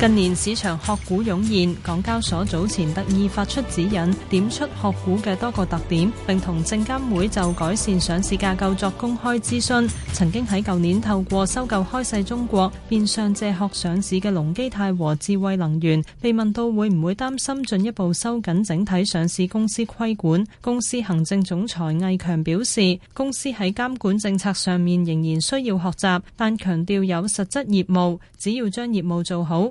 近年市場殼股湧現，港交所早前特意發出指引，點出殼股嘅多個特點，並同證監會就改善上市架構作公開諮詢。曾經喺舊年透過收購開世中國，變相借殼上市嘅隆基泰和智慧能源，被問到會唔會擔心進一步收緊整體上市公司規管，公司行政總裁魏強表示，公司喺監管政策上面仍然需要學習，但強調有實質業務，只要將業務做好。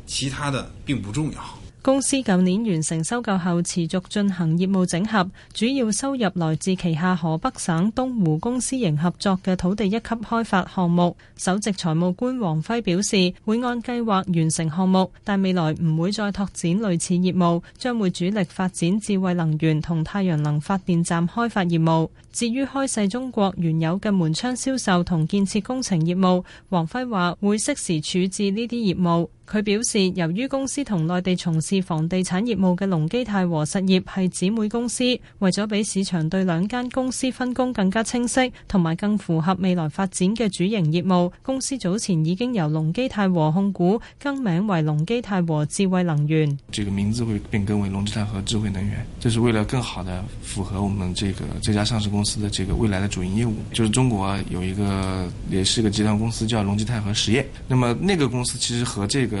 其他的並不重要。公司舊年完成收購後，持續進行業務整合，主要收入來自旗下河北省東湖公私營合作嘅土地一級開發項目。首席財務官王輝表示，會按計劃完成項目，但未來唔會再拓展類似業務，將會主力發展智慧能源同太陽能發電站開發業務。至於開世中國原有嘅門窗銷售同建設工程業務，王輝話會適時處置呢啲業務。佢表示，由於公司同內地從事房地產業務嘅隆基泰和實業係姊妹公司，為咗俾市場對兩間公司分工更加清晰，同埋更符合未來發展嘅主營業務，公司早前已經由隆基泰和控股更名為隆基泰和智慧能源。這個名字會變更為隆基泰和智慧能源，就是為了更好的符合我們這個這家上市公司的這個未來的主營業務。就是中國、啊、有一個也是個集團公司叫隆基泰和實業，那麼那個公司其實和這個。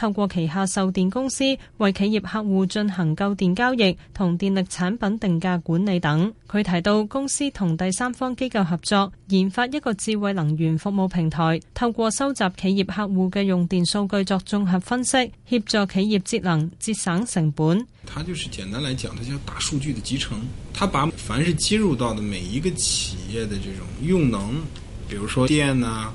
透過旗下售電公司為企業客戶進行購電交易同電力產品定價管理等。佢提到公司同第三方機構合作，研發一個智慧能源服務平台，透過收集企業客戶嘅用電數據作綜合分析，協助企業節能、節省成本。他就是簡單來講，他叫大數據的集成，他把凡是接入到的每一個企業的這種用能，比如說電啊。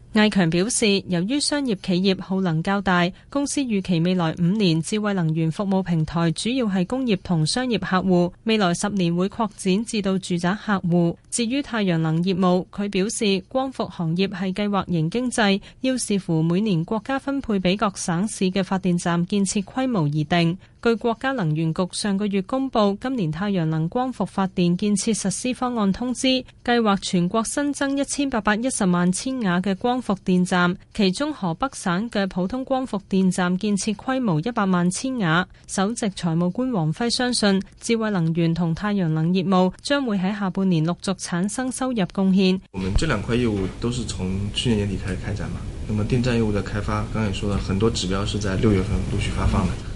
魏強表示，由於商業企業耗能較大，公司預期未來五年智慧能源服務平台主要係工業同商業客戶。未來十年會擴展至到住宅客戶。至於太陽能業務，佢表示，光伏行業係計劃型經濟，要視乎每年國家分配俾各省市嘅發電站建設規模而定。據國家能源局上個月公布，今年太陽能光伏發電建設實施方案通知，計劃全國新增一千八百一十萬千瓦嘅光伏電站，其中河北省嘅普通光伏電站建設規模一百萬千瓦。首席財務官王輝相信，智慧能源同太陽能業務將會喺下半年陸續產生收入貢獻。我們這兩塊業務都是從去年年底開始開展嘛，那麼電站業務的開發，剛剛也說到，很多指標是在六月份陸續發放的。嗯。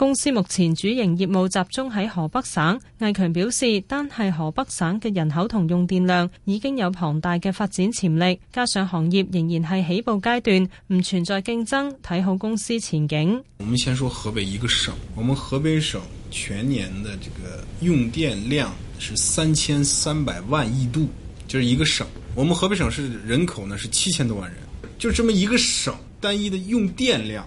公司目前主營業務集中喺河北省。魏強表示，單係河北省嘅人口同用電量已經有龐大嘅發展潛力，加上行業仍然係起步階段，唔存在競爭，睇好公司前景。我們先說河北一個省，我們河北省全年的這個用電量是三千三百萬億度，就是一個省。我們河北省是人口呢是七千多萬人，就這麼一個省，單一的用電量。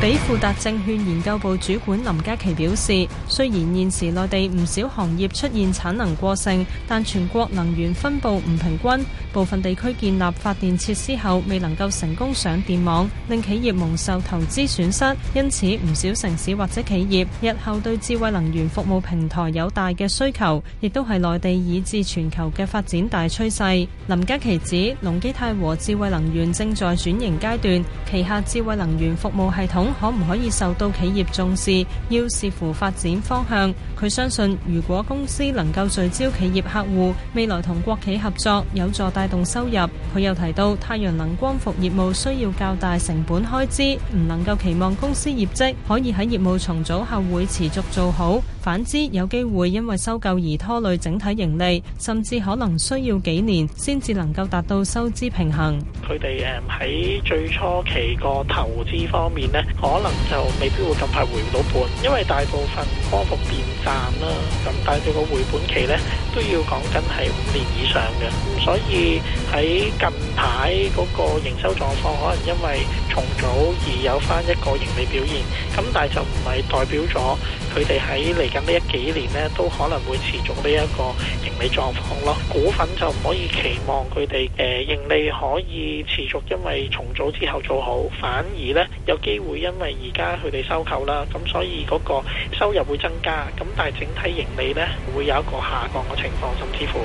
比富達證券研究部主管林嘉琪表示，雖然現時內地唔少行業出現產能過剩，但全國能源分布唔平均，部分地區建立發電設施後未能夠成功上電網，令企業蒙受投資損失，因此唔少城市或者企業,日後對智慧能源服務平台有大嘅需求,亦都係內地以至全球嘅發展大趨勢。林嘉琪指,隆基泰和智慧能源正在轉型階段,旗下智慧能源服務系統可唔可以受到企業重視？要視乎發展方向。佢相信，如果公司能夠聚焦企業客戶，未來同國企合作有助帶動收入。佢又提到，太陽能光伏業務需要較大成本開支，唔能夠期望公司業績可以喺業務重組後會持續做好。反之，有機會因為收購而拖累整體盈利，甚至可能需要幾年先至能夠達到收支平衡。佢哋誒喺最初期個投資方面咧，可能就未必會咁快回唔到本，因為大部分光伏電站啦、啊，咁但係佢個回本期呢，都要講緊係五年以上嘅，所以喺近排嗰個營收狀況，可能因為重組而有翻一個盈利表現，咁但係就唔係代表咗。佢哋喺嚟緊呢一幾年呢都可能會持續呢一個盈利狀況咯。股份就唔可以期望佢哋、呃、盈利可以持續，因為重組之後做好，反而呢有機會因為而家佢哋收購啦，咁所以嗰個收入會增加。咁但係整體盈利呢會有一個下降嘅情況，甚至乎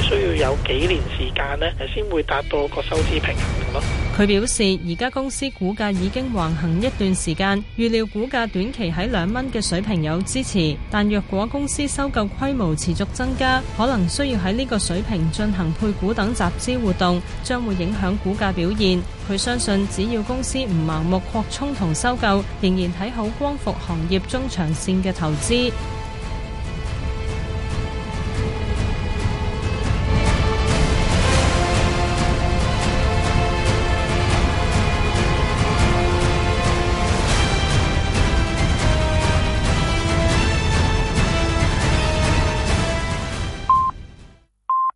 需要有幾年時間呢先會達到個收支平衡。佢表示，而家公司股價已經橫行一段時間，預料股價短期喺兩蚊嘅水平有支持，但若果公司收購規模持續增加，可能需要喺呢個水平進行配股等集資活動，將會影響股價表現。佢相信，只要公司唔盲目擴充同收購，仍然睇好光伏行業中長綫嘅投資。